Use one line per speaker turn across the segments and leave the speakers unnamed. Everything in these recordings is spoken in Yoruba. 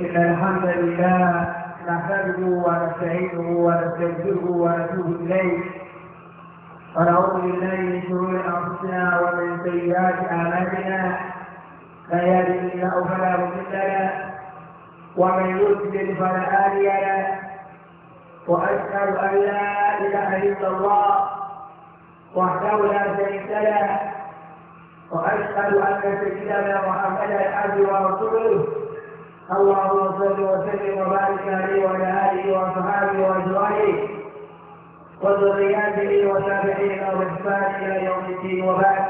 إن الحمد لله نحمده ونستعينه ونستغفره ونتوب إليه ونعوذ بالله من شرور أنفسنا ومن سيئات أعمالنا من يهده الله فلا مضل له ومن يضلل فلا هادي له وأشهد أن لا إله إلا الله وحده لا شريك له وأشهد أن سيدنا محمدا عبده ورسوله اللهم صل وسلم وبارك عليه وعلى اله واصحابه وازواجه وذرياته وتابعين واحسان الى يوم الدين وبعد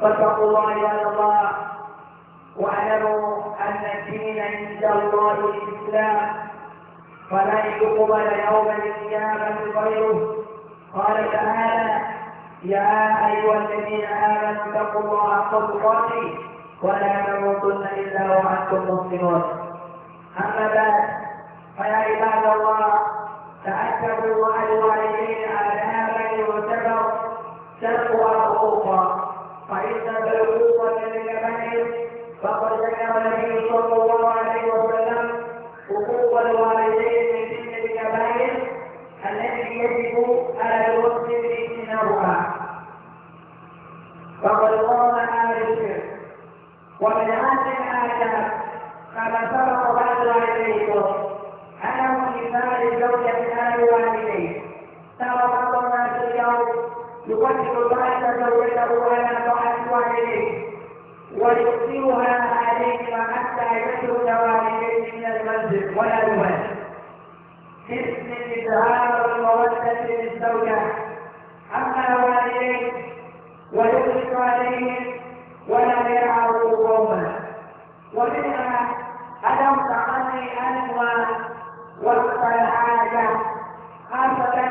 فاتقوا الله يا الله واعلموا ان الدين عند الله الاسلام فلن يقبل يوم القيامه غيره قال تعالى يا ايها الذين امنوا اتقوا الله حق تقاته ولا تموتن إلا وأنتم مسلمون أما بعد فيا عباد الله تأكدوا مع الوالدين على آدابا يعتبر تقوى الخوفا فإن من للكبائر فقد ذكر النبي صلى الله عليه وسلم حقوق الوالدين من ضمن الكبائر التي يجب على المسلم اجتنابها فقد قام اهل الشرك ومن هذه الآيات قد سبق بعض والديكم علم نساء الزوجة عن والديه ترى بعض الناس اليوم يقدم بعض زوجته على طاعة والديه ويؤثرها عليهما حتى يخرج والديه من المنزل ولا يمل اسم إظهار المودة للزوجة أما والديه ويخرج عليهم ومنها عدم تعني الانواع وفق الحاجه خاصه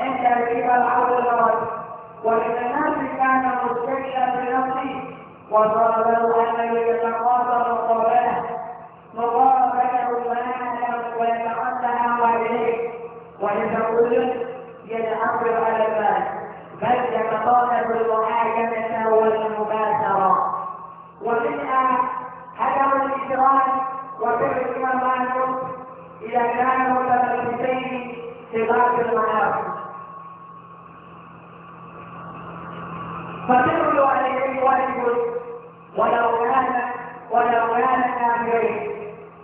عند الكبر او المرض ومن الناس كان مستكشفا بنفسه وطلب له ان يتقاطع قوله مقاربته المناعه ويتعدى والديه ولتكل يتعبر على الناس بل يتطالب إذا كان متمسكين ببعض المعاصي فكل عليه واجب ولو كان ولو كان كاملين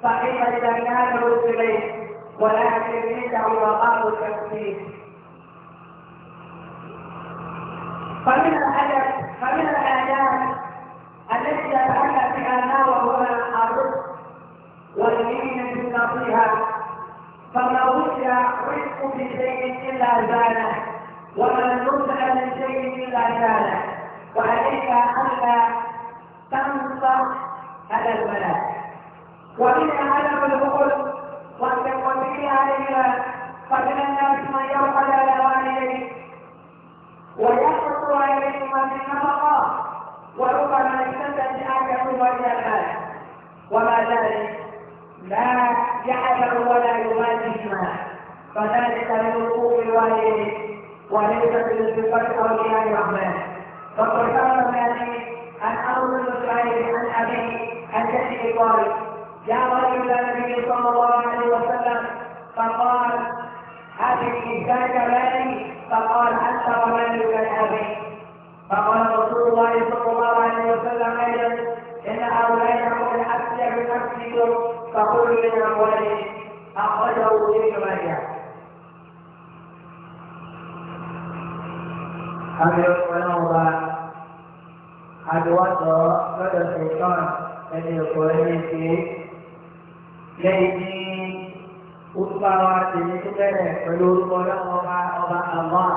صحيح إذا كان رسلين ولكن عنده مقام التكفير نقص إلا زاله وما نبدأ من شيء إلا زاله وعليك ألا تنصر هذا الملاك ومنها هدف البخل وأن تكون به عليها فمن الناس من يرقد على والديه ويحفظ عليهما بالنفقة وربما يستدعى هو إلى ذلك وما ذلك لا يعذر ولا يبالي فذلك من وقوف الوالدين وليس في صفة أولياء الرحمن فقد كان ذلك أن أمر المسلمين عن أبي عن قال جاء رجل النبي صلى الله عليه وسلم فقال أبي ذاك مالي فقال أنت ومالك أبي فقال رسول الله صلى الله عليه وسلم أيضا إن هؤلاء هم الأسلم من أسلكم فكلوا من أخرجه ابن ماجه àbẹ̀ ọlọ́ọ̀ba àdìwọ́tọ̀ lọ́dọ̀ ṣèkán ẹni ẹ̀kọ́ ẹni ṣe lẹ́yìn tí orúkọ àwọn àtẹ̀yìn tó bẹ̀rẹ̀ pẹ̀lú orúkọ ọlọ́ọ̀ba ọba àwọn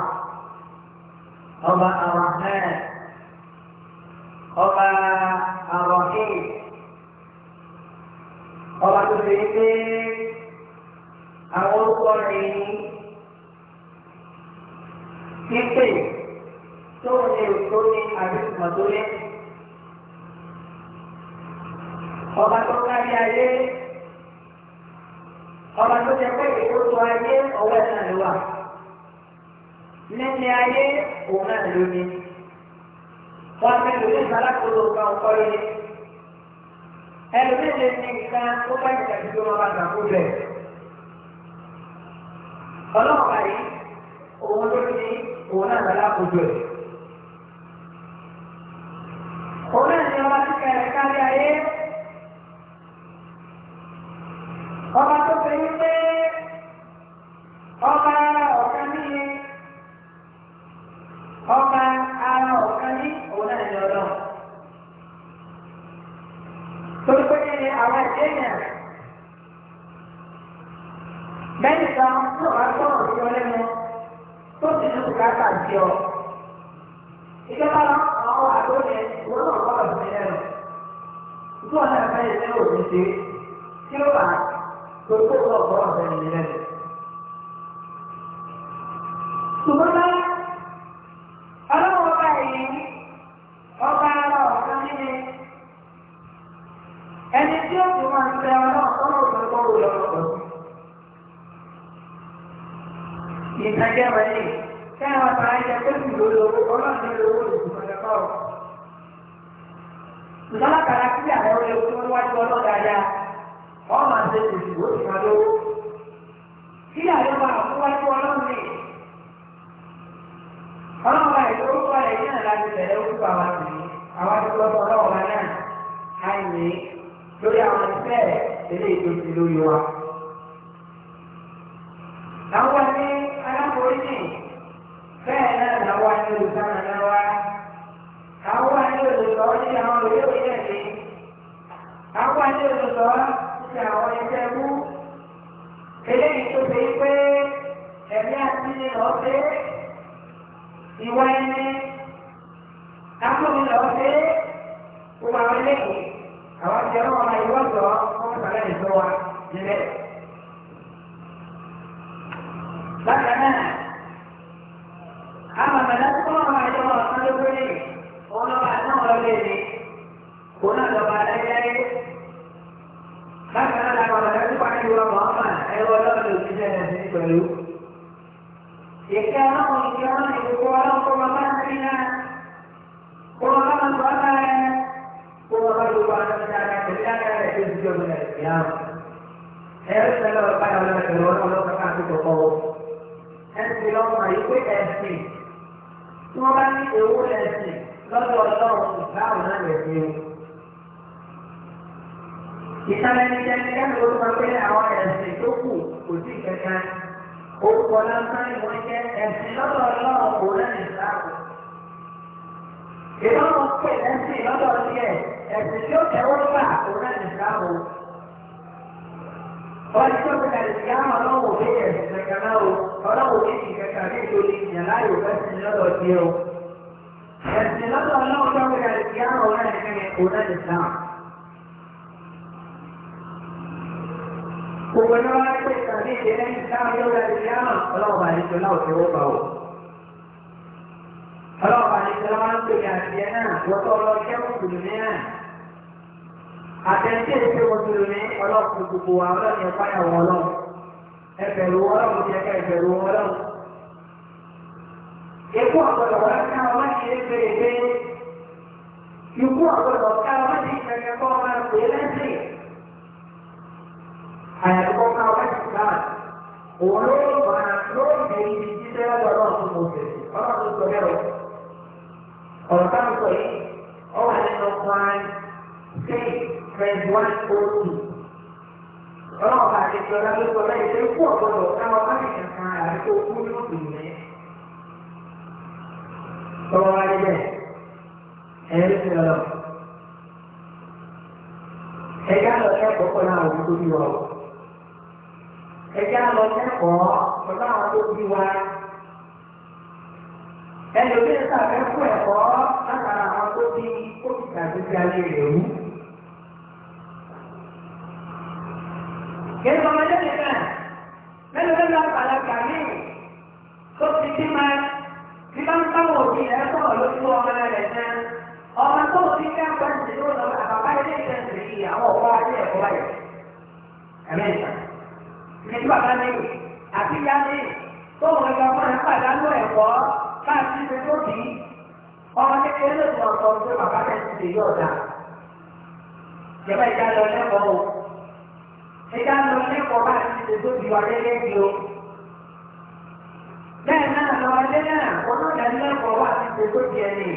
ọba àwọn náà ọba àwọn kéè ọba tó ṣe pé àwọn orúkọ rẹ̀ yìí pípé tó o lè tó ní àdéhùn tó lé. ọba tó kárí ayé ọba tó jẹ pé ìkóso ayé ọwọ́ náà ló wà nílé ayé òun náà ló ní. wọ́n á mẹ́lò ní ìsàlákòlò kan kọ́ ilé. ẹlòmíì lè ní nǹkan tó bá ìtàkùn tó máa bá gbàgbó bẹ̀. ọlọ́pàá yìí òun ló ní òun náà lọ́la kojú ẹ̀. torí pé ní àwọn èèyàn bẹ́ẹ̀ ká tó bá sọ̀rọ̀ sí ọ lẹ́nu tó sì ní bùkátà sí ọ. ìjọba àwọn àgbọ̀dẹ ìwọ́n náà gbọ́dọ̀ sí lẹ́nu. ìtú ọ̀nà lórí owó ọlọ́run lórí owó ìgbìmọ̀lẹ̀ kọ́rọ̀. ìjọba kàrà kí àwọn ọ̀rẹ́ owó tó wájú ọlọ́run dáadáa wọ́n máa ṣe ìdìbò ni ọlọ́run wa ìlú orúkọ rẹ̀ yín náà láti bẹ̀rẹ̀ orúkọ àwọn àtìmí àwọn àtìkọ́ ọlọ́run wa náà àìní lórí àwọn ìfẹ́ rẹ̀ lórí ìdòtí lórí wa. wá ṣe àwọn iṣẹ́ mú. eléyìí tó ṣe pé ẹ̀mí àti lọ́ọ́ ṣe ìwọ ẹni káfíńmì lọ́ọ́ ṣe gbogbo àwọn eléyìí àwọn ti ẹ̀rọ ọmọ ìwọ́ sọ wọ́n sọ̀rọ̀ ìṣọ́ wa nílẹ̀. bákan náà àwọn àgbàdo tó wà wọ́n àjọ wọn lọ́dún lórí òun lọ́wọ́ náà lọ́dún lórí. àti wa Muhammad ẹ̀rọ ọlọ́run ló ti jẹ́ ẹ̀sìn pẹ̀lú. Ìkẹ́ ọlọ́run ìkẹ́ ọlọ́run ìkókó ọlọ́run kó wọn bá ń rí náà. Kó wọn bá ń gbọ́ náà rẹ̀. Kó wọn bá gbogbo àwọn ọ̀sẹ̀ dáadáa pẹ̀lú dáadáa rẹ̀ tó ti jọ ọ̀gbìn ẹ̀sìn àwọn. lọ́dọ̀ ọlọ́run ìgbà àwọn náà ìsàlẹ̀nìjẹni kẹ́mi ló máa pé àwọn ẹ̀sìn tó kù kò sí kankan orúkọ lásán ni wọ́n jẹ́ ẹ̀sìn lọ́dọ̀ ọlọ́run kò lẹ́nu ìsáàbò. ìlọ́run pè lẹ́sìn lọ́dọ̀ tiẹ̀ ẹ̀sìn tí ó tẹ́wọ́ gbà kò lẹ́nu ìsáàbò. wọ́n ti tóbi kàlẹ́ sí àwọn ọlọ́run òbí ẹ̀sìn kankan náà o ọlọ́run òbí kì kankan ní ìlú ìyàn láyò ẹ̀sìn lọ́dọ̀ tiẹ̀ o. ẹ̀sìn lọ́dọ̀ ọlọ́run tóbi kàlẹ́ sí gbogbo ẹni wá ní pé ìtàgé ìṣe lẹ́yìn dáhùn yóò rẹ̀ ìyá náà ọlọ́ọ̀bà àdìsọ náà ti wọ́pọ̀ o. ọlọ́ọ̀bà àdìsọ máa ń pèlè àdìyẹ náà wọ́pọ̀ ọlọ́ọ̀jẹ́ mùsùlùmí náà. àtẹ̀ǹtì èdè mùsùlùmí ọlọ́ọ̀kùn gbogbo wa ọlọ́ọ̀ni ẹ̀fá ìyàwó ọlọ́ọ̀ ẹ̀fẹ̀rù ọlọ́ọ̀kùn jẹ́ ká ẹ̀fẹ̀rù ọlọ́ọ̀ ikú àgbọ̀dọ̀ wá ká ọmọ ṣe é péré pé ikú àgbọ̀dọ̀ ká ọmọ ṣe é péré kọ́ ọmọ ṣe é lẹ́sìn àyàtúkọ́ máa wá sí gáàs òun ló máa ló dé ibi jíjẹ́ lọ́dọ̀ ọ̀tún mọ̀ọ́sẹ̀ ọlọ́run tó sọ bẹ́ẹ̀ ọ̀rọ̀ táwọn sọ yìí ọ wà nínú kwan sí fred one o two ọlọ́run bá ti sọ lábẹ́ sọ lẹ́yìn tó kú ọ̀gbọ́dọ̀ táwọn bá ti kankan àbí tó kú ní òkè yìí tọ́wọ́ wá dé bẹ́ẹ̀ ẹ̀rí ti lọ. Ẹ̀ka lọ ẹ̀kọ́ kọ́ náà òun tó bí wọ́n ẹja lọ kẹ́kọ̀ọ́ pẹ̀lú àwọn bí wa ẹlòmí ẹ̀ka ẹ̀kọ́ ẹ̀kọ́ látara àwọn tó bí ó ti ayé rẹ̀ wú. kéwọ́n ọmọdé nìkan mẹ́lẹ̀ mẹ́lẹ̀ àpàlàkà mí tó ti dín máa bí bá ń báwọ̀ bí ẹ̀ sọ̀rọ̀ lójú ọmọ rẹ̀ náà ọmọ tó ti ká pẹ́ǹtì ló lọ àbàbá ilé ìtẹ̀sì yìí àwọn ọ̀pọ̀ ayé ẹ̀kọ́ báyìí ẹ̀jú bàbá ní àti ìyá ní tóun ẹ̀ka fún ẹ̀ pàdánù ẹ̀kọ́ káàkiri ṣe tó kì í ọmọ kékeré ló ti ọ̀sọ̀ pé bàbá rẹ̀ ti dè yọ̀ọ̀dà ìjọba ìjà lọ lẹ́kọ̀ọ́ o ìjà lọ lẹ́kọ̀ọ́ bá ti ṣe tó di wa lẹ́lẹ́ o bẹ́ẹ̀ náà lọ ilé náà onídàálẹ́kọ̀ọ́ wà ti ṣe tó ẹni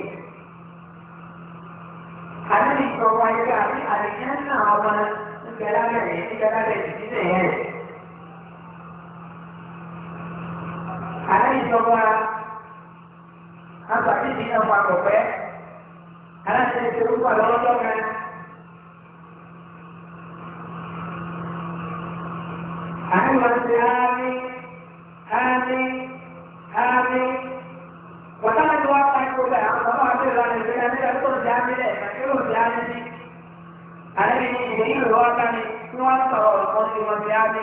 àdéhùn ìjọba ìjà àti àdéhùn náà ọmọ ìgbẹ́lábẹ̀rẹ̀ ìgbẹ́lábẹ̀rẹ̀ ìdílé yẹn. aláìjọba agbàdìdì náà wà kọ̀pẹ́ aláṣẹ ìṣerúkọ lọ́wọ́dọ́ kan. àníwáṣe ámì ámì ámì wàtálẹ̀ tó wá pa ikú bẹ́ẹ̀ àwọn bàbá àti ìlànà ìgbéga ní ẹgbẹ́ tó ti ámì rẹ̀ kí ti ámì sí. àlẹ́ mi ní ìwé ìlú wá ká ní wọ́n sọ̀rọ̀ ọ̀pọ̀ sí wọn ti ámì.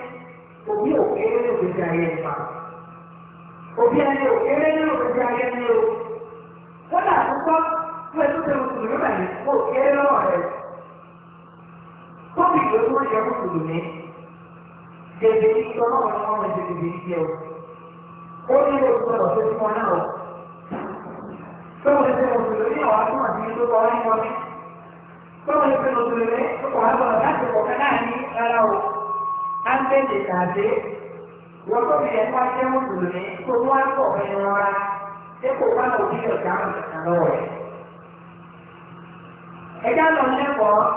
òbí òkèrè ní òkèjì ayé nípa òbí ayé òkèrè ní òkèjì ayé ní o kódà àkókò fún ẹtú tẹ mùsùlùmí báyìí kó òkèrè lọ́wọ́ rẹ kóbì ìlú tó yẹ mùsùlùmí dèbè ìtọ́ náà wọn wọn ti dèbè ìjẹ o ó ní ilé ìgbọ́dọ̀ tó ti wọn náà o tọ́wọ́n ti mùsùlùmí ọ̀hún àtúmọ̀ sí ní tó kọ́ ọ́ ní wọn ní tọ́wọ́n ti mùsùlùmí ọ̀hún àtúmọ̀ láti kọ̀ọ̀kan náà ní rárá o. ángẹ́lì tàbí wọ́n tó fi ẹ̀kọ́ ajé mùsùlùmí kó wá pọ̀ ẹnu ra ṣé kò wá lọ sí ọ̀gá àlọ́ rẹ̀. ẹja lọ lẹ́kọ̀ọ́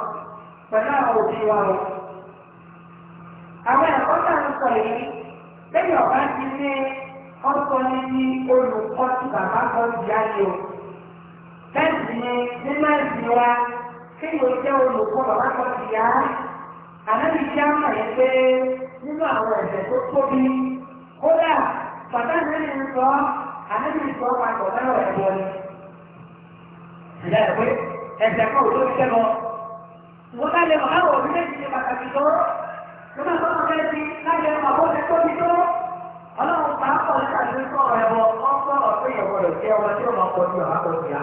pẹ̀lú àwọn òbí wa o. àwọn ẹ̀kọ́ tá ń sọ yìí lẹ́yìn ọ̀gá ti ní ọ̀sọ́ ní ní olùkọ́ bàbá o. wa jẹ́ olùkọ́ bàbá ànábì tí a mọ̀ yẹn pé nínú àwọn ẹ̀ṣẹ̀ tó tóbi kódà bàbá ànábì ń sọ ànábì ń sọ papọ̀ lọ́rọ̀ ẹ̀bọ ni. ìyá ẹ̀ pé ẹ̀ṣẹ̀ kan ò ló ṣẹ́ lọ. wọ́n bá lè bàbá wọ̀ nílé ti ṣe pàtàkì tó nígbà tó wọ́n fẹ́ di láti ẹ̀rọ àbọ̀ ṣe tóbi tó. ọlọ́run pàápọ̀ nípa ìlú sọ̀rọ̀ ẹ̀bọ ọ̀pọ̀ ọ̀pẹ̀ ìyẹ̀wò rẹ̀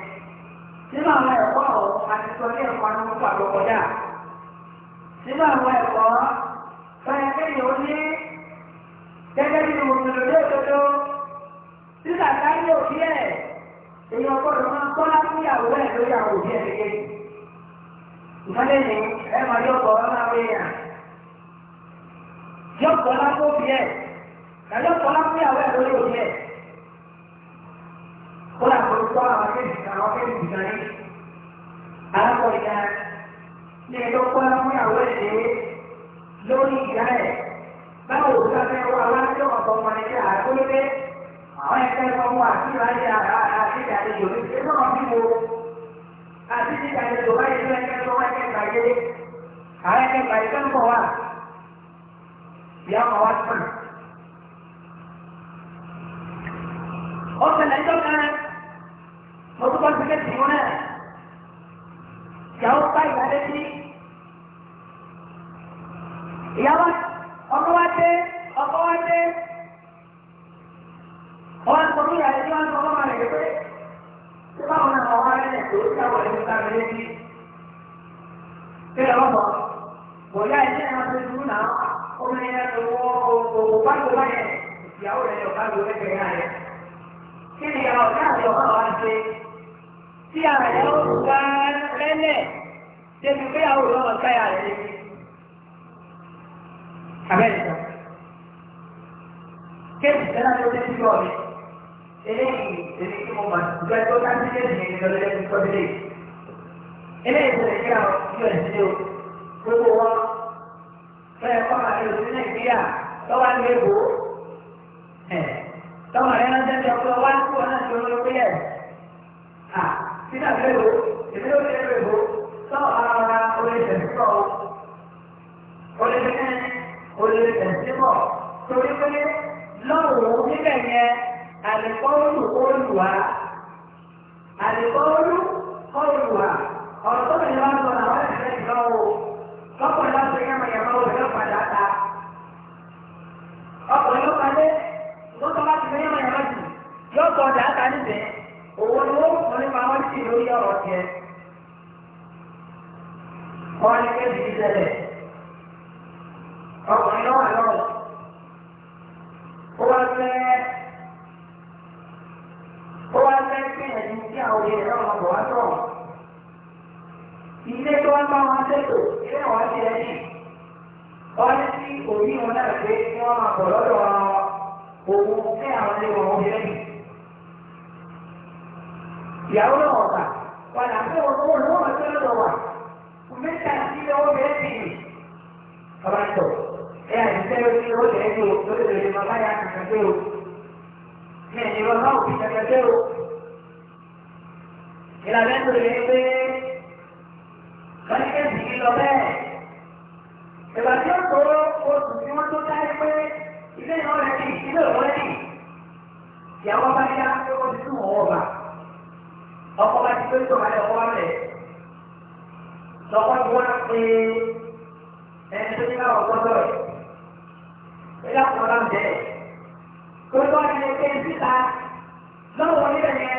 nínú àwọn ẹ̀kọ́ ọ̀hún àti sọ ní ẹ̀kọ́ àwọn ọmọ àlọ́ nínú àwọn ẹ̀kọ́ báyà kéèyàn ó ní gẹ́gẹ́ bí mùsùlùmí òdodo títà táyé òbí ẹ̀ èèyàn gbọ́dọ̀ máa kọ́ láfíyàwó ẹ̀ lórí àwọn òbí ẹ̀ kékeré ni ẹ máa yọ ọkọ̀ ọ̀rọ̀ máa wéyà yọ ọkọ̀ láfíyàwó ẹ̀ lórí òbí ẹ̀ kọ́lá kọ́lá tó àwọn akéèjì kan àwọn akéèjì kan ní. alákọ̀ ìyá ní ẹjọ́ kọ́lá fún ìyàwó ẹ̀ lórí ìyá ẹ̀ báwo ló sáfẹ́ wá aláṣẹ ọ̀tọ̀ ọmọ ẹgbẹ́ àgbélé àwọn ẹgbẹ́ ọmọ àti ìwádìí àti ìdàlejò ní ẹgbẹ́ wọn bí mo àti ìdàlejò báyìí ló ẹgbẹ́ tó wá ẹgbẹ́ gbàgbé àwọn ẹgbẹ́ gbàgbé tó ń bọ̀ wá ìyá ọmọ wá sọ̀rọ̀. ọ̀sẹ̀ গতকাল থেকে জীবনে যাওয়াই ঘটেছি অপবাদে অপবাদে और सभी आयोजन को हमारे लिए tí àyà ó gba lẹ́lẹ̀ débi pé àwọn olùwọ́n ọ̀gá yà rẹ̀ lé. Abẹ́rẹ́ sọ. Kéèkì sẹ́lá tó dé sí ọ̀rẹ́. Eléyìí èmi tí mo mọ̀ nígbà tó ká sí kéèkì yẹn lọ lẹ́yìn tó kọ́dé lé. Eléyìí tó lè jẹ́ àwọn yóò ẹ̀ sílé o. Gbogbo wọn fẹ́ẹ́ kọ́ máa lè sí Nàìjíríà lọ́wọ́ àgbẹ̀ bò ó. Tọ́wọ́ rẹ̀ rántí ọkọ̀ wá kúrò náà tó lórí pé kíkà kéré o èmi ló kéré o sọ ara ara o lè tẹ̀ sí ọ o lè tẹ̀ o lè tẹ̀ sí ọ torí pé lọ́wọ́ níbẹ̀ yẹn àlùkọ́ọ̀lù olùwà àlùkọ́ọ̀lù olùwà ọ̀rọ̀ tó bẹ̀rẹ̀ wọn sọ làwọn ẹ̀ṣẹ̀ ìlọ́wọ́ lọ́kùnrin láti yẹ́mọ̀yẹ́mọ́ òṣèlú padà ta ọkùnrin ló padé lọ́kùnrin láti yẹ́mọ̀yẹ́mọ́ jù yóò sọ ọjà ta níbẹ̀ òun ni wọ́n fún nípa wọ́n sì lórí ọ̀rọ̀ tiẹ̀. wọ́n ní kébi ìṣẹ̀lẹ̀ ọkùnrin náà lọ́rùn. ó wá fẹ́ ó wá fẹ́ pé ẹ̀yìn tí àwọn olè náà wọ́n bọ̀ wá sọ̀rọ̀. ilé tó wá bá wọn ṣètò ilé wọn ti ẹ̀yìn. wọ́n ní sí òbí wọn náà pé kí wọ́n máa bọ̀ lọ́dọ̀ wọn òun fẹ́ àwọn ilé wọn ó fi lẹ́yìn ìyàwó náà ọ̀tà padà pé ọ̀tọ́wọ́ ni wọ́n máa tẹ́lẹ̀ lọ wà mẹ́ta sí ọwọ́ bẹ́ẹ̀ sì ni. bàbá tọ̀ ẹ àdìsẹ́ lórí ọ̀dẹ ẹni o lórí ìrìn bàbá yà kàkàdé o ní ẹ̀yìn bàbá òbí kàkàdé o. ìlànà ẹ̀sọ́ rẹ̀ pé kọ́níkẹ́sì yìí lọ bẹ́ẹ̀. ìgbà tí ó tóró oṣù tí wọ́n tó dárí pé ilé ìnáwó rẹ̀ kì í ilé ìwọ́lẹ́yìn ìyàwó bá yá ó ti tún ọwọ́ bàá ọkọ bá ti pé tó bá yọ wọ́n lẹ̀ lọ́kọ́ tí wọ́n ẹni tó ní ká ọ̀gbọ́n lọ rẹ̀ ẹ̀dá kan náà jẹ́ tó bá ti síta lọ́wọ́ níbẹ̀ yẹn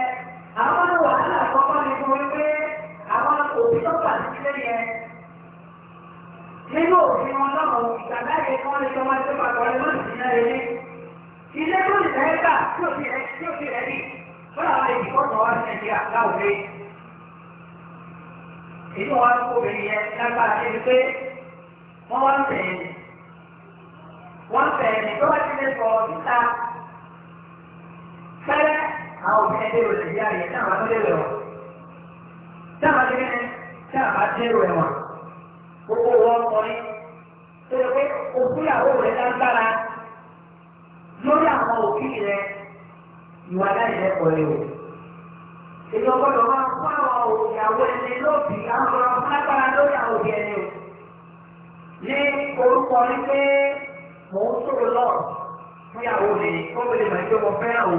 àwọn wàhálà àkọ́kọ́ ni mo rí pé àwọn òbí tó wà nílé yẹn nínú òfin wọn náà ìgbàgbá yẹn kí wọ́n lè tọ́ wá lọ́sìn náà yẹn ilé tó lè fẹ́ gbà tí òfin rẹ̀ tí òfin rẹ̀ yìí fúnra wọn lè fi kọ́tọ̀ wá sí nàìjíríà láwùjọ yìí inú wa tó obìnrin yẹn lágbára débi pé wọ́n wá ń tẹ̀yìn wọ́n tẹ̀yìn tó wá sí lẹ́kọ̀ọ́ níta fẹ́rẹ́ àwọn òbí ẹgbẹ́ rẹ̀ nàìjíríà yẹn náà wà lóde rẹ̀ wọ̀ dáhà ní ẹni tí a bá dé rẹ̀ wọ̀ gbogbo wọn kọrin tó yẹ pé òkúyàwó rẹ̀ lágbára lórí àwọn òbí rẹ̀ ìwà aláìlẹ́kọ̀ọ́ ni o. èyí ọgbọ́dọ̀ máa kó àwọn ìyàwó ẹni lóbi àwọn ọmọ alágbára lórí àwọn òbí ẹni o. ní orúkọ ni pé mò ń sọ̀rọ̀ lọ fún mi kó lè máa gbé wọn fẹ́ràn o.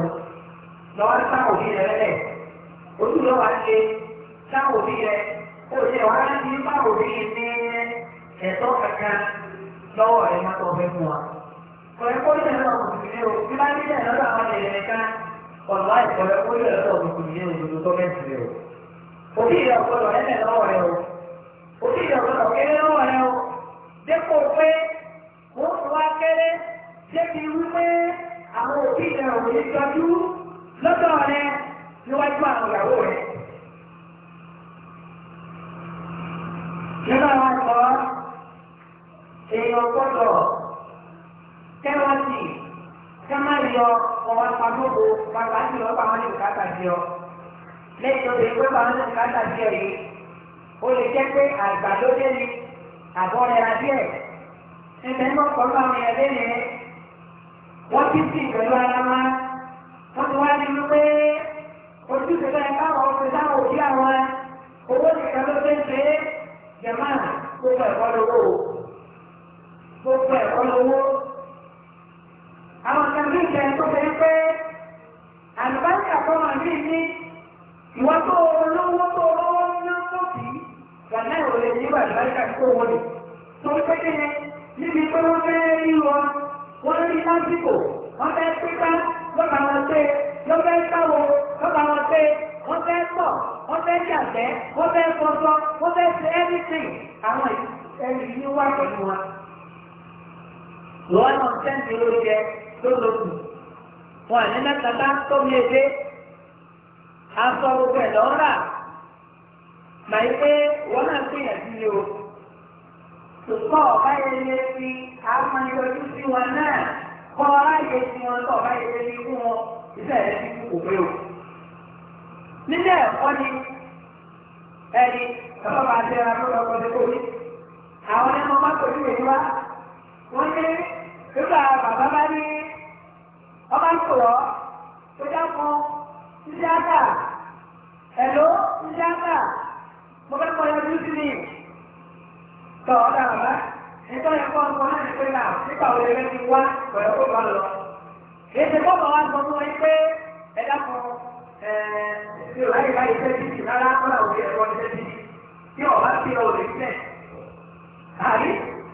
lọ́wọ́ ní sáwọn òbí rẹ lẹ́lẹ̀ ojú ló wá ṣe sáwọn òbí rẹ kó o ṣe wá láti sáwọn òbí ní ẹ̀tọ́ kankan lọ́wọ́ rẹ má tọ́ fẹ́ fún wa. kọ̀ọ̀kan kó o ṣe o bí bá nílẹ̀ lọ́dọ̀ àwọn ẹ̀yẹ̀ nìkan ọ̀nà ìkọ̀lẹ́ ó yẹ lọ́wọ́ tuntun ní òdodo gọ́ọ̀mẹ́ntì rẹ o.
òbí ìyá ọ̀gbọ́dọ̀ ẹ̀mẹ̀ lọ́wọ́ rẹ o.
òbí ìyá ọ̀gbọ́dọ̀ kéré lọ́wọ́ rẹ o. dépò pé wọ́n fún wa kéré débi wípé àwọn òbí ìyá òbí tọ́jú lọ́dọ̀ rẹ níwájú àwọn ìyàwó rẹ. nínú àwọn ọ̀pọ̀ èèyàn gbọ́dọ̀ kẹ́wọ́n sí i kama yọ ọwọ́ pamọ́bò bàbá ti lọ bá wọn ní bùkátà di ọ lẹ́yìn tó lè gbé bá wọn ní bùkátà di ọ yìí ó lè jẹ́ pé àgbàlódé ni àbọ̀ rẹra díẹ̀ ẹgbẹ́ náà kọ́ bá wọn yẹn lẹ́yìn rẹ wọ́n ti sìn pẹ̀lú ara wa wọ́n ti wá ní wípé ojúṣe lọ́yẹ káwọn ọ̀sẹ̀ táwọn òbí àwọn owó nìkan ló dé ṣe é gbogbo ẹ̀kọ́ lówó gbogbo ẹ̀kọ́ lówó àwọn kan ní ìjẹ tó fẹ́ pé àlùbáríkà kan máa ní ní ìwọ́n tó olówó tó olówó ná tó kì í gbàgbé ìròyìn nígbà àlùbáríkà tó wọlé tó ń pé kéde níbi pé wọ́n fẹ́ rí wọn wọ́n rí lásìkò wọ́n fẹ́ pípa lọ́ba wọn pé lọ́fẹ́ sáwo lọ́ba wọn pé wọ́n fẹ́ pọ̀ wọ́n fẹ́ jàgbẹ́ wọ́n fẹ́ fọ́fọ́ wọ́n fẹ́ ṣe everything àwọn ẹ̀rí ní wá pẹ̀lú wọn. lọ́wọ́ náà sẹ́ńtì ló jẹ́ lólobù wọn ní mẹ́ta bá tó mi èdè gbogbo rà mà yí pé wọ́n náà gbìyànjú ni o tòkọ́ ọ̀bá yẹn lé sí amọ̀nyọjú sí wọn náà ayé wọn tó ọ̀bá yẹn lé ní wọn iṣẹ́ rẹ̀ ti kú òwe o. nílẹ̀ ẹ̀kọ́ ni ẹni ọ̀bá máa ṣe ara lọ́dọ̀ kórè àwọn ẹni bá wá ní nígbà bàbá bá ní. ọba ń pè ọ́ pé dákun ṣíṣe àgbà ẹ̀ló ṣíṣe àgbà mo fẹ́ kọ́ yọjú sí mi tọ́ ọ dà bá nígbà yẹn kọ́ ọkọ náà ṣe pé náà nígbà wo lè ti wá pẹ̀lú kó bá lọ. èsì bọ́ọ̀bù wa sọ fún wọn pé ẹ dákun ẹ̀ ṣe láyé láyé fẹ́ bíbí rárá kọ́lá òbí ẹ̀rọ ṣe bíbí tí ọba ti ọ lè rí bẹ́ẹ̀. àrí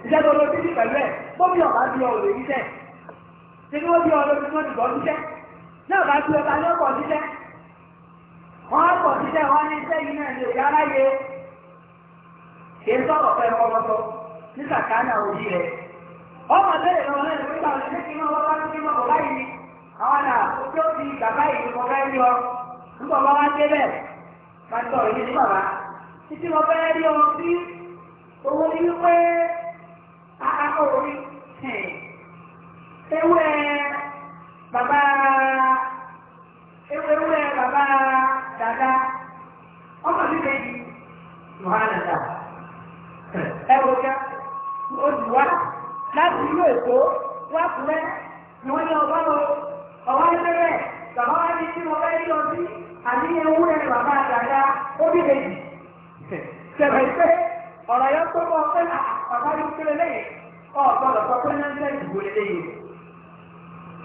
ìjẹ́ tó lọ bíbí pẹ̀lú ẹ̀ bóbi ọba ti ọ lè rí bẹ́ẹ̀. ṣe ni bí ọlọ́run tí wọ́n ti bọ́ síṣẹ́ náà bá ti ọba ló pọ̀ síṣẹ́ wọ́n á pọ̀ síṣẹ́ wọ́n ní iṣẹ́ yìí náà ní òyà aráyé kì í sọ̀rọ̀ pẹ̀lú ní sàkánà òbí ọmọ nígbà àwọn tó bàbá yìí rí ọ nígbà wọn wá dé ní bàbá títí rí ọ sí owó ewé baba ewé ewé bàbá dada ọmọ mi kejì mọ̀hánàdà ẹ̀rọ ya olùwà láti èkó wá ni ọba lọ ọba bàbá wa ní kí wọ́n fẹ́ yí ọtí àní ewé bàbá dada ó bí kejì tẹ̀lé pé ọ̀rọ̀ yẹn tó kọ́ pé bàbá yóò kéré lẹ́yìn ọ̀ sọ pé náà ń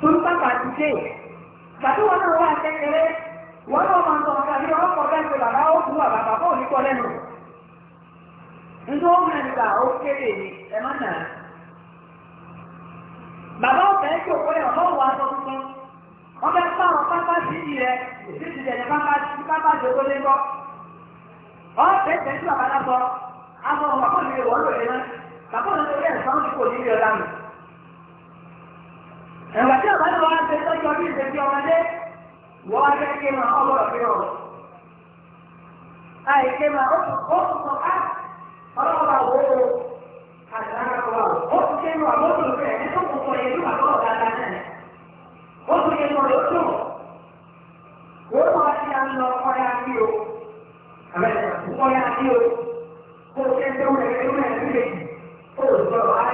torí pápá ti wọn náà wá kékeré wọn náà máa ń sọ ọ̀gá ọkọ ọkọ̀ bàbá ó fún bàbá bàbá ò ní kọ́ lẹ́nu ndó mẹ́rin gbà ó kéré ni ẹ má nà bàbá ọ̀fẹ́ tuntun fún àwọn pápá sí ìdí rẹ̀ ti pápá sí àwọn ọmọ rẹ̀ wọ́n lò ẹ̀wà tí wọ́n wá fẹ́ o kó o ṣe ń tó wẹ̀ ẹ̀ wẹ̀ ẹ̀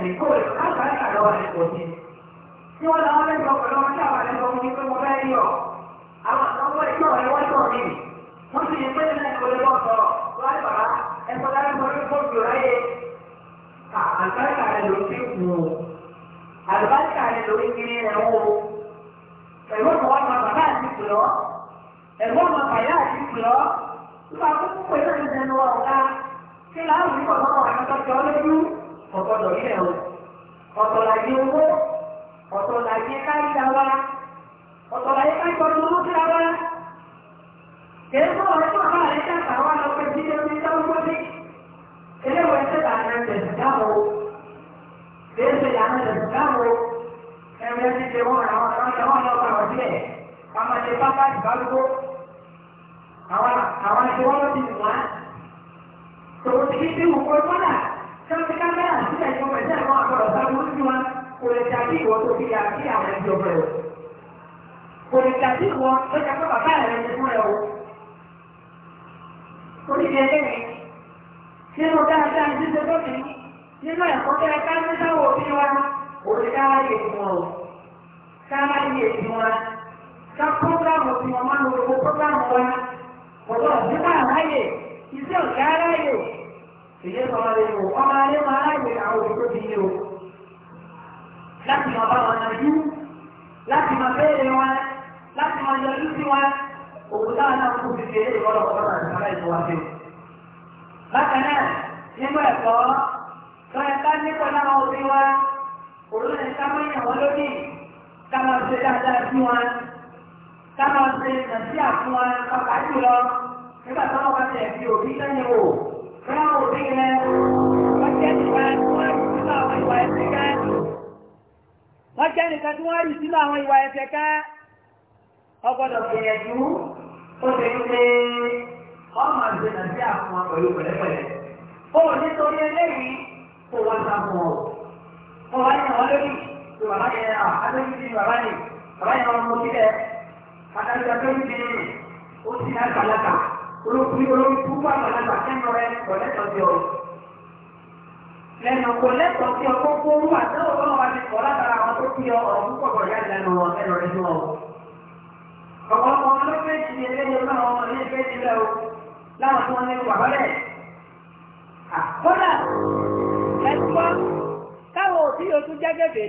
ẹ̀mí kó rẹ̀ káàkiri àkàlọ́wọ́ rẹ̀ kò ní. Tí tó kúkú ọ̀gá. Kí láàrú ìkọ̀ọ́ ọ̀gbọ́dọ̀ ilẹ̀ o ọ̀tọ̀làyé owó ọ̀tọ̀làyé káyíta wa ọ̀tọ̀làyé káyíta ọdún owó kíra wa kèé fún ọ̀rẹ́ tó àbá rẹ̀ ká àtàwọn ọ̀pẹ tí ó ti dá owó ní eléwọ̀ ẹsẹ̀ làánà tẹ̀sí dáwọ̀ kèé ṣe làánà tẹ̀sí dáwọ̀ ẹ̀rẹ́ ti ṣe wọ́n àwọn àwọn ọ̀pẹ ọ̀dílẹ̀ àmàlẹ́ pápá ìbálòpọ̀ ti wọ́n tòun ti fi wù kó kọ́là káfí kámẹ́rà ìwọ tó fi pé bàbá rẹ̀ ti fún ẹ o. oríṣi ẹlẹ́rìí nínú dáadáa ní ṣíṣe tó ti nínú ẹ̀kọ́ tẹ́ ká ní sáwọn òbí wa kò lè ká láyè fún ọ ká láyè fún wa ká prógrámù tí wọ́n máa ń lo gbogbo prógrámù wa kò lọ sí ìyé sọ̀rọ̀ lè wò ọmọ ayé máa láàyè àwọn òṣèlú ti yé o láti máa bá wọn yanjú láti máa béèrè wọn láti máa yọjú sí wọn òkú táwọn náà kú ti ṣe ìwọ́lọ̀ ọ̀rọ̀ àti ara ìfọwọ́ sí o. bákan náà nínú ẹ̀kọ́ tó ẹ bá nípa láwọn òbí wa òun ní ká máa yàn wọ́n lódì ká máa ṣe dáadáa sí wọn ká máa ṣe nàìjíríà fún wọn pàpà jùlọ nígbà tó wọn bá tẹ̀ wọ́n tí wọ́n rí sínú àwọn ìwà ẹ̀ṣẹ̀ ká ọgbọ́dọ̀ gbìyànjú ó ṣe ń pé ọmọ ìgbìnà sí àwọn ọmọ pẹ̀lẹ́pẹ̀lẹ́ ó nítorí eléyìí kò wá sáfún ọ olórí olórí púpọ̀ àgbàlagbà lẹ́nu rẹ kò lẹ́tọ̀ọ́ sí ọ. lẹ́nu kò lẹ́tọ̀ọ́ sí ọ tó kó wú àtẹ́wọ̀ tó látara àwọn tó fi ọ̀rọ̀ púpọ̀ bọ̀ yá lẹ́nu wọn lẹ́nu rẹ nù ọ. ọ̀pọ̀lọpọ̀ wọn ló fẹ́ ti di ẹlẹ́yìn náà wọn ní ìfẹ́ ti lẹ́ o láwọn tí wọ́n ní wà bọ́lẹ̀. àkọ́dà ẹ̀kọ́ káwọn òbí yóò tún jẹ́gẹ́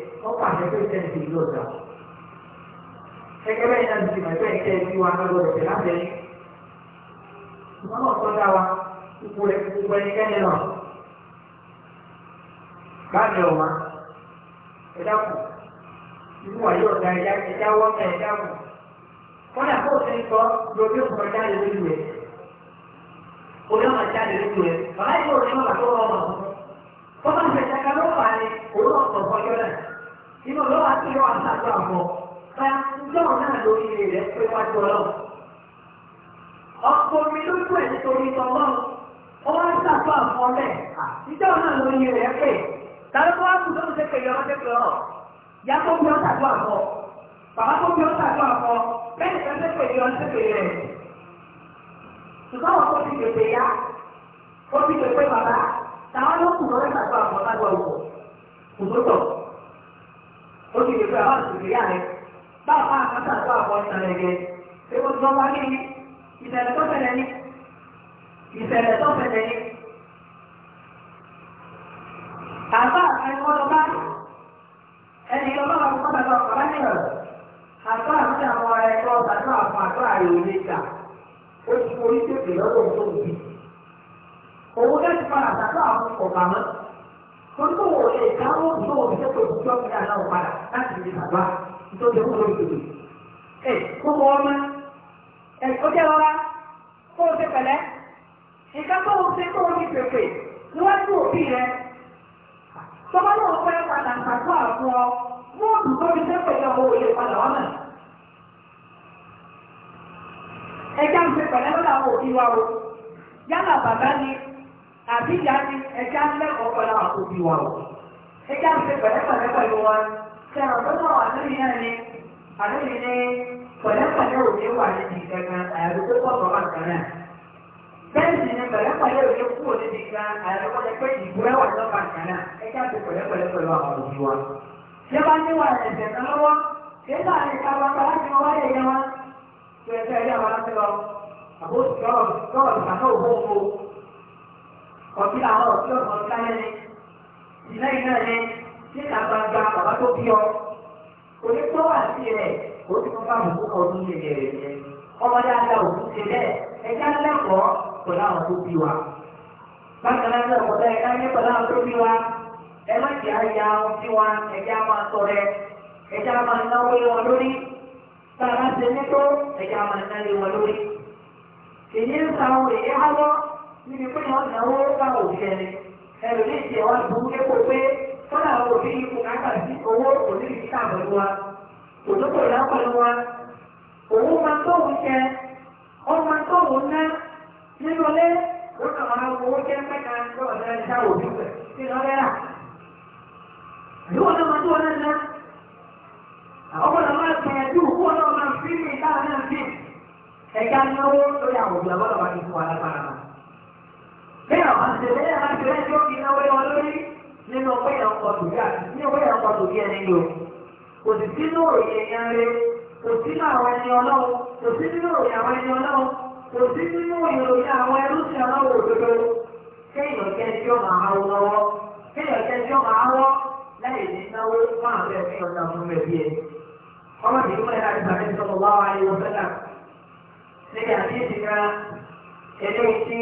ọkọ̀ àjẹpé sẹ́ǹtì ìlú ọ̀dà. Ẹgbẹ́ bẹ́ẹ̀ náà ti mọ̀ ẹgbẹ́ ìtẹ́ ẹbí wa lọ́dọ̀ tẹ̀ lábẹ́ yín. Ìmọ̀nà ọ̀tọ́ dá wa ipò rẹ̀ gbogbo ẹnikẹ́ni náà. Báàmì ọ̀ma ẹ dákun. Irú wàyí ọ̀dà ẹja wọ́pẹ̀ ẹ dákun. Wọ́n dà kó ṣe ń sọ lórí òkùnkùn jáde lójú ẹ̀. Orí ọmọ jáde lójú ẹ̀. Bàbá ìgbà òṣèlú àtọ́wọ́ ọmọ. Bọ́lá ìfẹ̀sẹ̀ kan ló fà á ní òun náà inú lọ́wọ́ àti yọ àtàkù àbọ̀ ká jọ́ọ̀ náà lórí ilé rẹ̀ pé wá jọ ọ̀pọ̀ mi lójú ẹ̀ nítorí tọ́lọ́ ó wá sàtú àbọ̀ lẹ̀ ìjọ́ọ̀ náà lórí rẹ̀ pé tàbí wá kú tó ń ṣe pèlè ọmọdé pèlè ọ̀ yá tó bí ọ́ sàtú àbọ̀ bàbá tó bí ọ́ sàtú àbọ̀ bẹ́ẹ̀ tó ṣe pèlè ọ́ ṣe pèlè rẹ̀. ṣùgbọ́n wọn kò fi yá ó fi pèpè bàbá ó sì àwọn àtúntò yá rẹ̀ báwo máa kọ́ tó àpọ̀ ìsàlẹ̀ rẹ̀ ewu tó wá ní ìṣẹ̀lẹ̀ tó fẹ̀lẹ̀ ní ìṣẹ̀lẹ̀ tó fẹ̀lẹ̀ ní. àbá ẹni lọ bá ẹni lọ bá wọn kọ́ sàtọ̀ ọ̀pọ̀ bá àbá àti àwọn ọ̀rẹ́ ẹ̀kọ́ sàtọ̀ àpọ̀ àtọ̀ àyè torí kò wò lè dáwọ́ tó o ṣe tó ìjọ mi àná ò padà láti lè bàbá nítorí ó lórí ìdòdò. ẹ gbogbo ọmọ ẹ ó jẹ́ rọra kó o ṣe pẹ̀lẹ́ nǹkan tó o ṣe tó o ní pèpè níwájú òbí rẹ tọ́wọ́ náà fẹ́ padà pàtó àwọn ọ mọ́ọ̀dù tó fi sẹ́pẹ̀ yọ owó ilé padà ọ̀nà. ẹ já ń ṣe pẹ̀lẹ́ lọ́dọ̀ òbí wa o yálà bàbá ni àbí ìyá ni ẹja ń lẹ́kọ̀ọ́ pẹ̀lú àwọn òbí wa o ẹja ń ṣe pẹ̀lẹ́pẹ̀lẹ́ pẹ̀lú wa sẹ́wọ̀n tó wà lórí náà ni àlóyìn ní pẹ̀lẹ́pẹ̀lẹ́ òní wà níbi ìkankan àyàdókò pọ̀tọ̀ wà nǹkan bẹ́ẹ̀ sì ni pẹ̀lẹ́pẹ̀lẹ́ òní kú òní di kan àyàdókò jẹ́ pé ìgbúrẹ́ wà náà ẹja ń ṣe pẹ̀lẹ́pẹ̀lẹ́ pẹ̀lú àwọn òbí wa. ṣé wàá ní wà ẹ̀sẹ̀ kan ọtí àwọn ọtí ọmọ ìkáyẹ ni ìlẹ́yìn náà ni níta bàbá tó bí ọ onítọ́ àti rẹ̀ ó ti fọ́n bá òkú ọdún yẹn yẹn yẹn ọmọ dáadáa òkú ti rẹ̀ ẹ̀ka lẹ́kọ̀ọ́ pẹ̀lú àwọn tó bí wa bákan náà lẹ́kọ̀ọ́ bẹ́ẹ̀ ẹ̀ka ní pẹ̀lú àwọn tó bí wa ẹ má jẹ́ àyà ọtí wa ẹ̀já máa sọ rẹ ẹ̀já máa náwó lé wọn lórí bàbá ṣe ní tó ẹ̀já máa náwó lé wọn lórí níbi pé wọ́n náwó báwọn òṣìṣẹ́ ni ẹ̀rù ní ìṣe wọn ìbomú kéko pé wọ́n náà kò fi ipò kápá sí owó òdìrí títà pẹ̀lú wa òdòkò ìlà pẹ̀lú wa òun máa tó òun jẹ wọ́n máa tó òun ná nínú ilé wọ́n kà máa wo owó jẹ́ mẹ́ta lọ́wọ́ náà ní sáwọ́ òbí pẹ̀ sí lọ́lẹ́rà àdúgbò náà máa tó wọn ná àwọn náà máa fi mí táwọn náà fi ẹ̀ka àtẹ̀lẹ́ yàrá ìgbẹ́ tí ó fi náwó wọn lórí nínú ọgbẹ́ yẹn ọkọ̀ tòbí àti ní ọgbẹ́ yẹn ọkọ̀ tòbí ẹni lò kò sì sínú òye yẹn rẹ kò sínú àwọn ẹni ọlọ́run kò sí nínú òye àwọn ẹni ọlọ́run kò sí nínú ìròyìn àwọn ẹlúsìn ọlọ́run òdodo kéèyàn kẹ́ńtì ọmọ àwọn lọ́wọ́ kéèyàn kẹ́ńtì ọmọ àwọ́ lẹ́yìn ní náwó máa bẹ̀ fún ọ̀dà fún rẹ̀ bí ẹ. ọmọ ìlú mẹ́ta ti bàtẹ́ ti sọ̀rọ̀ wá wáyé wọn fẹ́lá. níbi àti ìsìnká eléyìí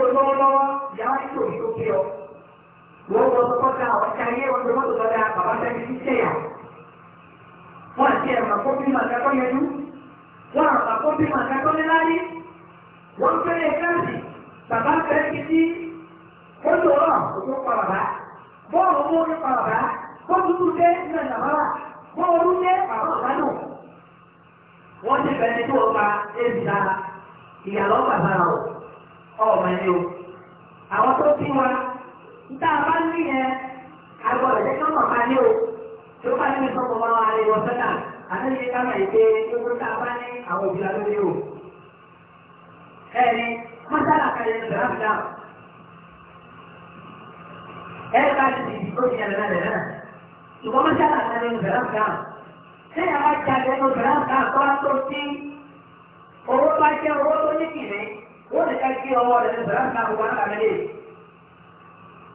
o lọ́wọ́lọ́wọ́ ìyá wa nílò ní òkè ọ. Wọ́n wọ ọkọ̀ ká àwọn ti ayé wọn lọ́wọ́ tó lọ́dà bàbá sẹ́ni sí sẹ́yà. Wọ́n àti ẹ̀rọ kó bí màkà kọ́ yẹn dú. Wọ́n àrọ̀ kó bí màkà kọ́ ní láyé. Wọ́n fẹ́rẹ̀ o pa ébi dára. Ìyàlọ́ bàbá ọ̀ ọmọ ẹni o àwọn tó bí wa níta bá ní yẹn àgbọ̀ ẹ̀jẹ̀ kí wọ́n máa ní o tí ó bá ní ìfọ́ mọ́ máa rí wọn sọ́dà àti ní ká máa ìgbé gbogbo tá a bá ní àwọn òbí wa lórí o. ẹni mọ́sálà kan yẹn lọ́dọ̀ láti dáhùn. ẹ̀rọ bá ti di ìdíkó ti yàrá rẹ̀ náà ṣùgbọ́n mọ́sálà kan yẹn lọ́dọ̀ láti dáhùn. sẹ́yìn àwọn jáde lọ́dọ̀ láti dáhùn tó wá tó sí owó bá jẹ́ owó tó ní kìnnìún ó lè ká gbé ọwọ́ rẹ̀ ní sàlámù náà gbogbo náà lè.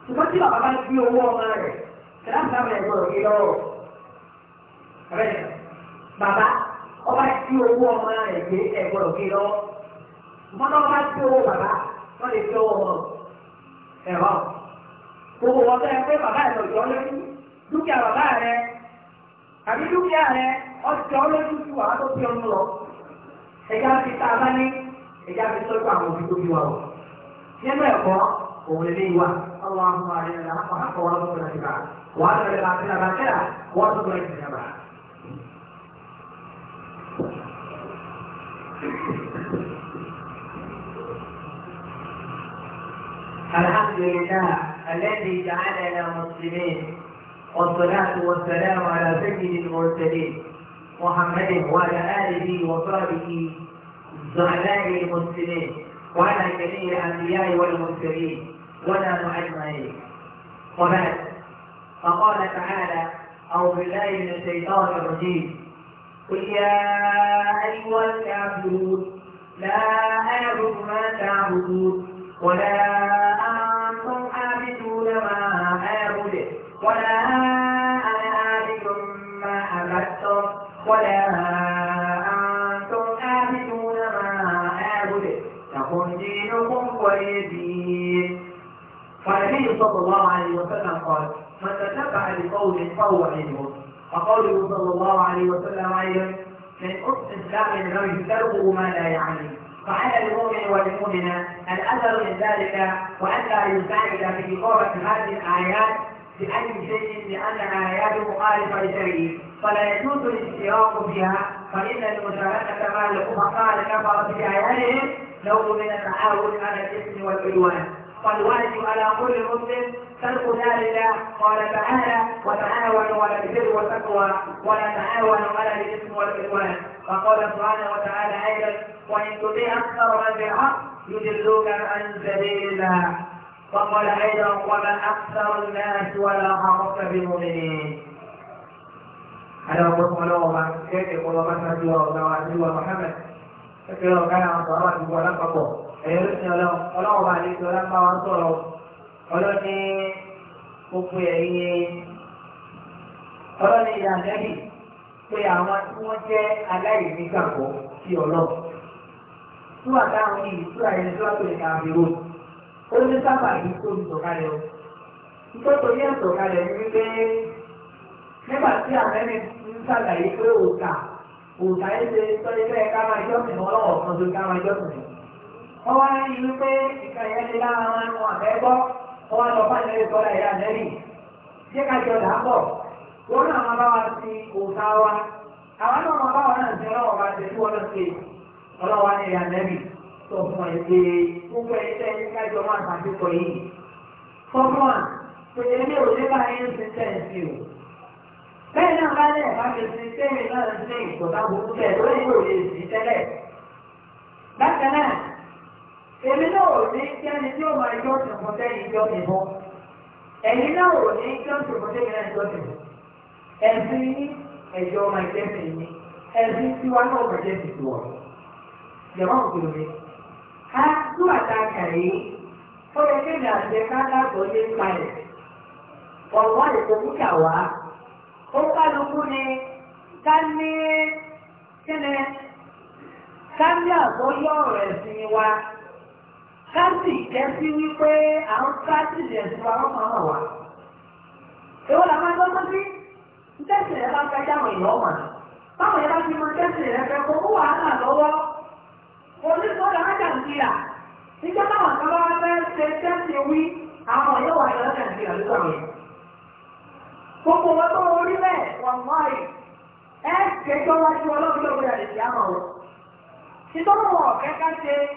ṣùgbọ́n tí bàbá bá gbé owó ọmọ rẹ̀ sàlámù náà lè gbọ́dọ̀ gbé lọ́wọ́. bàbá ọba gbé owó ọmọ rẹ̀ gbé ẹ̀gbọ́dọ̀ gbé lọ́wọ́. ṣùgbọ́n tó bá gbé owó bàbá wọ́n lè gbé owó ọmọ ẹ̀rọ. gbogbo wọn bẹ́ẹ̀ pé bàbá ẹ̀ lọ́jọ́ lójú dúkìá bàbá rẹ̀ àbí dúkìá rẹ̀ ọjọ́ lójú ju àwọn tó fi ọmọ lọ. ẹ̀yà ẹ̀já fi sọ́kọ̀ àwọn òbí tó bí wa o. nínú ẹ̀kọ́ òun lè léyìí wa ọlọ́wọ́ àwọn àrẹ rẹ̀ lápá àpọ̀ wọn lọ́sọ̀rọ̀ láti bá wàá lọ́rẹ̀ láti rà bá kẹ́rà wọ́n tó lọ́ọ̀ ìdìbò bá. الحمد لله الذي جعلنا مسلمين والصلاة والسلام على سيد المرسلين محمد وعلى آله وصحبه زعلاء المسلمين وعلى جميع الأنبياء والمرسلين ولا أجمعين وبعد فقال تعالى أعوذ بالله من الشيطان الرجيم قل يا أيها الكافرون لا أعبد ما تعبدون ولا أنتم عابدون ما أعبد ولا أنا عابد ما عبدتم ولا النبي صلى الله عليه وسلم قال من تتبع لقول فهو منهم وقوله صلى الله عليه وسلم أيضا من حسن إسلام الرجل تركه ما لا يعني فعلى المؤمن والمؤمنة الأثر من ذلك وأن لا يساعد في قرة هذه الآيات بأي شيء لأن آيات مخالفة لشرعه فلا يجوز الاشتراك فيها فإن المشاركة مع الأمراء كفر في آياتهم نوع من التعاون على الإثم والعدوان فالواجب على كل مسلم ترك ذلك قال تعالى وتعاونوا على البر والتقوى ولا تعاونوا على الاثم والعدوان فقال سبحانه وتعالى ايضا وان تطيع اكثر من بالحق الحق عن سبيل الله وقال ايضا وما اكثر الناس ولا عرفت بمؤمنين أنا أقول الله كيف يقول الله مثلا محمد فكره كان عن صلاته ولم ẹ̀yọ́ ló ti ọlọ́run ọlọ́run bá lè fi ọlọ́run bá wọn sọ̀rọ̀ ọlọ́ni gbogbo ẹ̀yìn ọlọ́ni ìyàndẹ́bì pé àwọn tí wọ́n jẹ́ aláìní gbàgbọ́ sí ọlọ́run tí wà táwọn yìí tí wà yẹn tí wà tó lè ka àbẹ̀wò ó ní sábà yìí tó ń sọ̀kalẹ̀ o nítorí yẹn sọ̀kalẹ̀ ní pé nígbà tí àmẹ́ni ń sàlàyé pé òòkà òòkà yẹn ṣe tọ́jú wọ́n wá ní ìlú pé ìka ìyá ti lára wọn wọn àbẹ́ gbọ́ wọ́n wá lọ fún àlẹ́ ìtọ́lá ìyá àlẹ́lì ṣé ká jọ dà bọ̀ wọ́n náà máa bá wa ti òòsa wa àwọn náà máa bá wa náà ti ọlọ́wọ́ bá ti tí wọ́n lọ sí ọlọ́wọ́ ní ìyá àlẹ́lì sọ fún ẹ pé gbogbo ẹ tẹ́ ẹ ká jọ máa ṣàkóso yìí fọ́fún wa pèlè ní òde bá yín ti tẹ̀ o bẹ́ẹ̀ náà bá lẹ̀ bá fi ti tẹ́lẹ̀ náà sí ìkọ̀tà èmi náà ò ní kẹ́ni tí ó máa yọ ọ̀sẹ̀kùn sẹ́yìn ìjọ ìbọn ẹ̀yin náà ò ní kí ọ̀sẹ̀kùn sẹ́yìn náà ìjọ ìbọn ẹ̀sìn ní ẹ̀jọ̀ ọmọ ìjẹ́sìn ní ẹ̀sìn tiwa náà ọmọ ìjẹ́sìn tiwa jẹ̀mọ́ òkúrò mi ká tó àtàkà yìí ó yẹ kí ìgbà àjẹ ká dábọ̀ ní ipa ẹ̀ ọ̀wọ́ ìkókú kà wá ó kálukú ni ká ní kíni ká ní àgbọ́yọ̀ ọ̀rọ̀ ẹ̀sìn wa káàsì ìkẹ́sí wípé àwọn káàsì lè ti wa wọ́n wà. Èwo la máa dọ́gbọ́n sí? Tẹ́sì rẹ̀ bá fẹ́ dáwọn èèyàn mà. Báwọn yẹn bá mọ tẹ́sì rẹ̀ fẹ́ kó kó wàhálà lọ́wọ́. Onígbọ́n la máa dàn sí à. Nígbà táwọn kan bá fẹ́ ṣe tẹ́sì wí, àwọn ọ̀yọ́ wà lọ́wọ́ dàn sí àlùkò yẹn. Gbogbo wọn tó orí bẹ́ẹ̀ wọ̀n mọ́ ẹ̀. Ẹ kẹjọ́ wájú ọlọ́run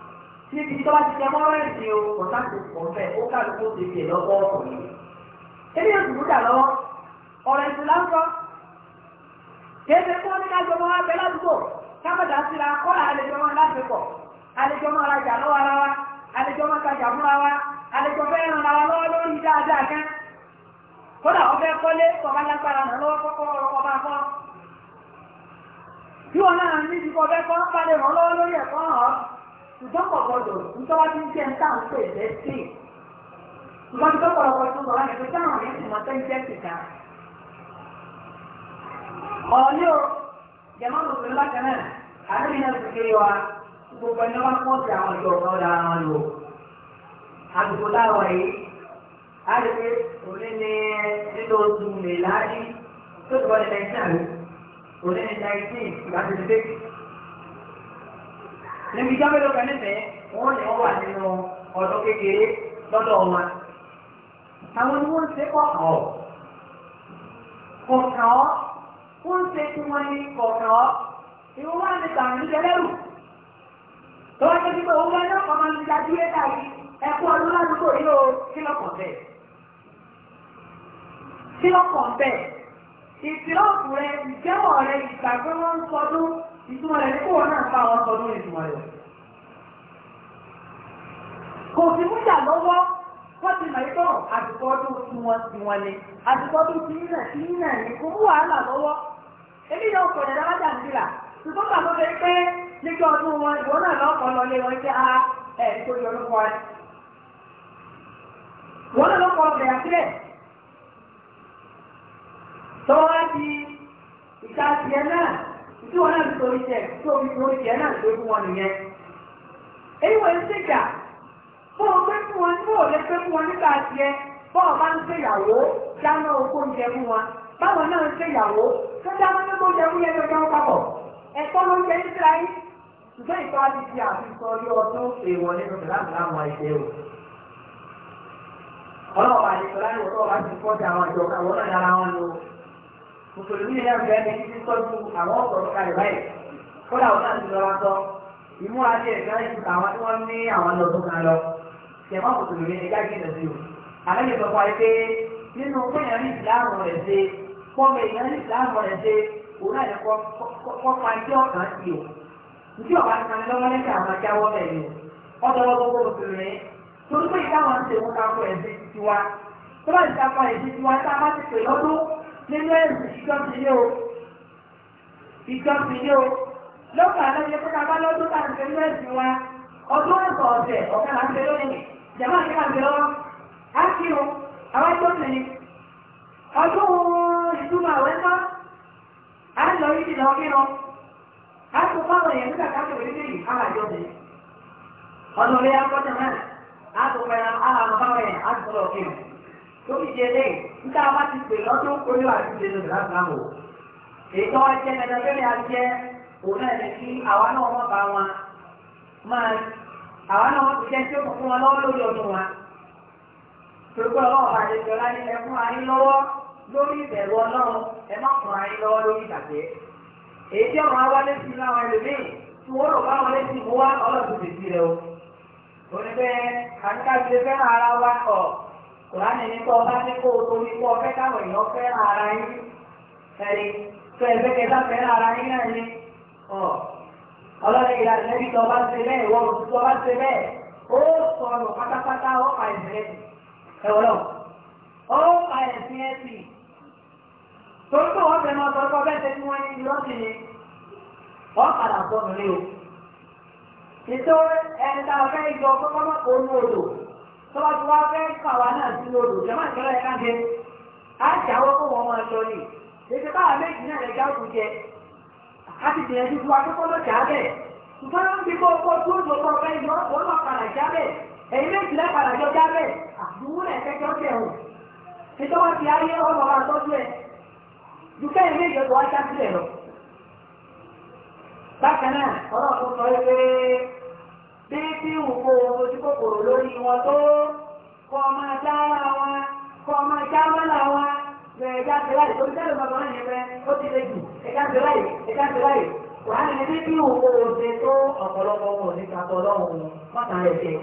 níbi tó bá ti jẹ mọ́rọ́ ẹ̀sìn o kọ̀tà kò pọ̀ fẹ́ ó kàlù kó ti fè lọ́wọ́ ọkùnrin. lọ́wọ́ ọ̀rọ̀ lásán kó ní kájọ mọ́ ládùúgbò kábàdà síra àlejò àlejò mọ́ lọ́wọ́ ara wa àlejò mọ́ wa àlejò fẹ́ ràn ara lọ́wọ́ lórí dáadáa ìjọpọ̀ gbọdọ̀ ìjọba tí ń jẹ́ ń tàn pé lẹ́sìn ìwọ́n tó pọ̀lọpọ̀ tó bọ̀ wá ní pé táwọn yẹn ti mọ̀ tó ń jẹ́ kìkà. ọ̀ọ́lẹ́ o jẹ̀mọ́ lòpin bákan náà àdébí náà ti kéré wa gbogbo ẹni wọn kọ́ sí àwọn ìjọ ọ̀gá ọ̀dà wọn lò àdùgbò láwọ̀ yìí àdébí òní ní nínú oṣù mẹ́láàdì ní tó ti níbi ìjọba ìlú kan nífẹ̀ẹ́ wọ́n ní wọ́n wà nínú ọ̀dọ́ kékeré lọ́dọ̀ wọn. àwọn ni wọ́n ń ṣe kọ̀ọ̀kan ọ̀ kọ̀ọ̀kan ọ́ wọ́n ń ṣe tí wọ́n ní kọ̀ọ̀kan ọ́ ìwọ́n wà ní tàwọn ìlú tẹ́lẹ̀rù. tó wá jẹ́ pípẹ́ owó ẹ̀dọ́ kan máa ń da dúró káyìí ẹ̀kú ọdún ládùúgbò yóò kílọ̀kàn bẹ́ẹ̀. kílọ̀kàn bẹ́ẹ̀ ìtìlọ́ọ̀kù rẹ ìjẹ́wọ̀ rẹ ìgbàgbọ́ wọn ń sọdún ìtumọ̀ rẹ̀ kó wọn náà fáwọn sọ lórí ìtumọ̀ rẹ̀. kò sí mújà lọ́wọ́ wọ́n ti màá tọ̀ àdìpọ̀ ọdún tí wọ́n ti wọn ni àdìpọ̀ ọdún tí yín náà tí yín náà ní kò mú wàhálà lọ́wọ́ èmi yóò kọ̀ ọ̀dà dáwájà ń tìlà ṣùgbọ́n bàbá mi pé níjọ́ ọdún wọn ìwọ náà lọ́kọ̀ lọ lé wọn jẹ́ a ah, ẹ̀ nítorí olóko rẹ̀ wọ́n náà lọ́kọ̀ ọ̀bẹ̀ àkílẹ̀ tọ́wọ́ láti ìta tiẹ̀ náà tí wọn náà torí tẹ tí omi torí tẹ náà tó fún wọn nìyẹn. èyí wọ́n ṣèjà bó o pé fún wọn bó o lè pé fún wọn nígbà tiẹ̀ bó o bá ń ṣèyàwó dáná oko ń jẹ fún wọn báwọn náà ń ṣèyàwó tó dáná ní kó jẹ fún yẹn tó jẹun papọ̀ ẹ̀kọ́ ló ń jẹ nígbà yìí ṣùgbọ́n ìtọ́ àti ti yọ ọdún èèwọ̀ nínú ìlànà ìṣe o. ọlọ́ọ̀bà àti ìṣọ̀lá ìwọ̀n ti fọ́jà àwọn àjọ mùsùlùmí ní àgbẹ̀ ẹni títí tọ́jú àwọn ọ̀sọ̀rọ̀ kalẹ̀ báyìí kódà ó náà ti lọ́ra sọ ìmúra sí ẹ̀ka ìsìn àwọn tí wọ́n ní àwọn lọ́dún kan lọ tẹ̀wọ́n mùsùlùmí ẹ̀ka ìgbìnà sí o àlẹ́ mi sọ fún wa pé nínú kéèyàn ní ìsìláàmù rẹ̀ ṣe pọ́ọ̀mù èèyàn ní ìsìláàmù rẹ̀ ṣe òun náà ní kọ́ pa iṣẹ́ ọ̀kan sí o ìdí ọ̀bá ti kan lọ́wọ́ lẹ́sẹ̀ àwọn ajáwọ́ bẹ̀ ni o ọ̀dọ́wọ́ gbogbo mùsùlùmí torí pé ìdáwọn ń ṣe òun ká fún ẹ̀sìn tiwa tó bá ti ká fún ẹ̀sìn tiwa tá nínú ẹ̀sìn ìjọsìn o ìjọsìn o lọ́pàá lọ́jọ́ pé ká lọ́dún bá ẹ̀sìn wa ọdún ẹ̀kọ́ ọ̀sẹ̀ ọ̀kan là ń lónìí jẹ̀mọ́ àti lọ́wọ́ á kí o àwọn tó sì ọdún ìtumọ̀ àwẹ́ náà á lọ yí lọ kí lọ á tó fáwọn èèyàn nígbà káàkiri orílẹ̀ yìí á wàjọ ọdún ilé akọ́jọ náà á tó fẹ́ràn á fáwọn èèyàn á tó torí ìdí eléyìí níta wá ti pè lọ́dún orí wa ti dènà ìlànàmù ètò ọjẹ́ mẹtẹtẹ́lẹ̀ ajẹ́ òun náà ní kí àwa náà wọ́n bá wọn máa àwa náà wọ́n ti jẹ́ tí ó kún wọn lọ́wọ́ lórí ọdún wa torípé ọlọ́wọ́ bá lè jọ láyé ẹ fún ayé lọ́wọ́ lórí ìbẹ̀rù ọlọ́run ẹ má fún ayé lọ́wọ́ lórí ìgbàgbé èyí tí ọ̀rọ̀ awálé sí láwọn ẹlòmíì tí wọ́n rò bá wọn lé sí ìmúwá ọlọ́dún tètè rẹ o òní bẹ́ẹ̀ àti ká Kùránì ní kọ́ bá ní kó o tó ní kó ọ fẹ́ káwọn èèyàn fẹ́ ara yín. Ẹni tó ẹgbẹ́ kẹta fẹ́ ara yín náà ni. Ọlọ́run ìlà ìlẹ́bí tó bá ṣe bẹ́ẹ̀ wọ́n ò tó bá ṣe bẹ́ẹ̀. Ó sọnù pátápátá ó pa ẹ̀sìn ẹ̀sìn. Ẹ wọ́n lọ. Ó pa ẹ̀sìn ẹ̀sìn. Torí pé wọ́n fẹ́ máa sọ pé ọbẹ̀ tẹ́tí wọ́n ní lọ́sìn ni. Wọ́n padà sọnù ní o. Ìtò tọ́wọ́ tí wọ́n fẹ́ kọ́ àwa náà sí lòdù jẹ́mọ́ ìṣẹ́lẹ̀ yẹn káńkẹ́ á jáwọ́ kó wọ́n máa lọ ní ètò báwa méjì náà lẹ́jà òkú jẹ a ti gbìyànjú fún akókó ló jà bẹ́ẹ̀ ṣùgbọ́n ó ń bí kókó tó tó kọ́ fẹ́ yọ òun náà padà já bẹ́ẹ̀ èyí méjì náà padà jọ já bẹ́ẹ̀ àdúgbò sọ pé bí bí òkú ojú kó ẹ̀ka ṣe láyè tó ń tẹ́lẹ̀ bàbá wọn yẹn fẹ́ ó ti lè jù ẹ̀ka ṣe láyè ẹ̀ka ṣe láyè wà á nìyẹn bí òun ò ṣe tó ọ̀pọ̀lọpọ̀ wọn ò ní kakọ lọ́wọ́ mọ́ta rẹ̀ jẹ́.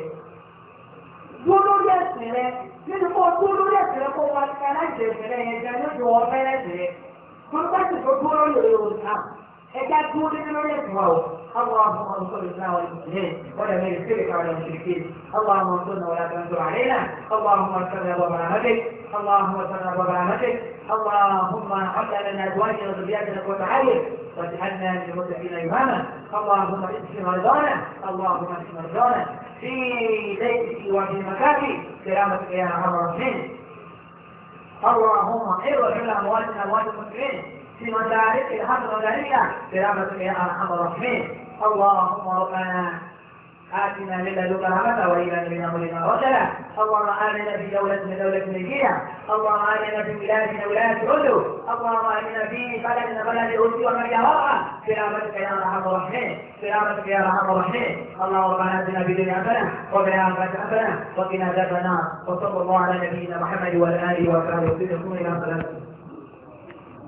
dúró lórí ẹ̀sìn rẹ nínú kó dúró lórí ẹ̀sìn rẹ kó wá ká láti ẹ̀sìn rẹ yẹn jẹ́ ló ju wọn الله وسلم وبارك اللهم عد لنا ازواجنا وذرياتنا قوة عين واجعلنا للمتقين اماما اللهم اشف رضانا اللهم اشف رضانا في بيتك وفي مكانك كرامتك يا ارحم الراحمين اللهم كل اموالنا اموات المسلمين في مدارك الحمد والدارية كرامتك يا ارحم الراحمين اللهم ربنا آتنا من لدنك رحمة وإلى من أمرنا رسلا اللهم آمنا في دولتنا دولة نجينا اللهم آمنا في من ولاد عدو اللهم آمنا في بلدنا بلد عدو ومن يراها برحمتك يا أرحم الراحمين برحمتك يا رحمة الراحمين اللهم ربنا آتنا في الدنيا أبنا وفي الآخرة أبنا وقنا عذاب النار وصلى الله على نبينا محمد وعلى آله وصحبه وسلم إلى صلاتكم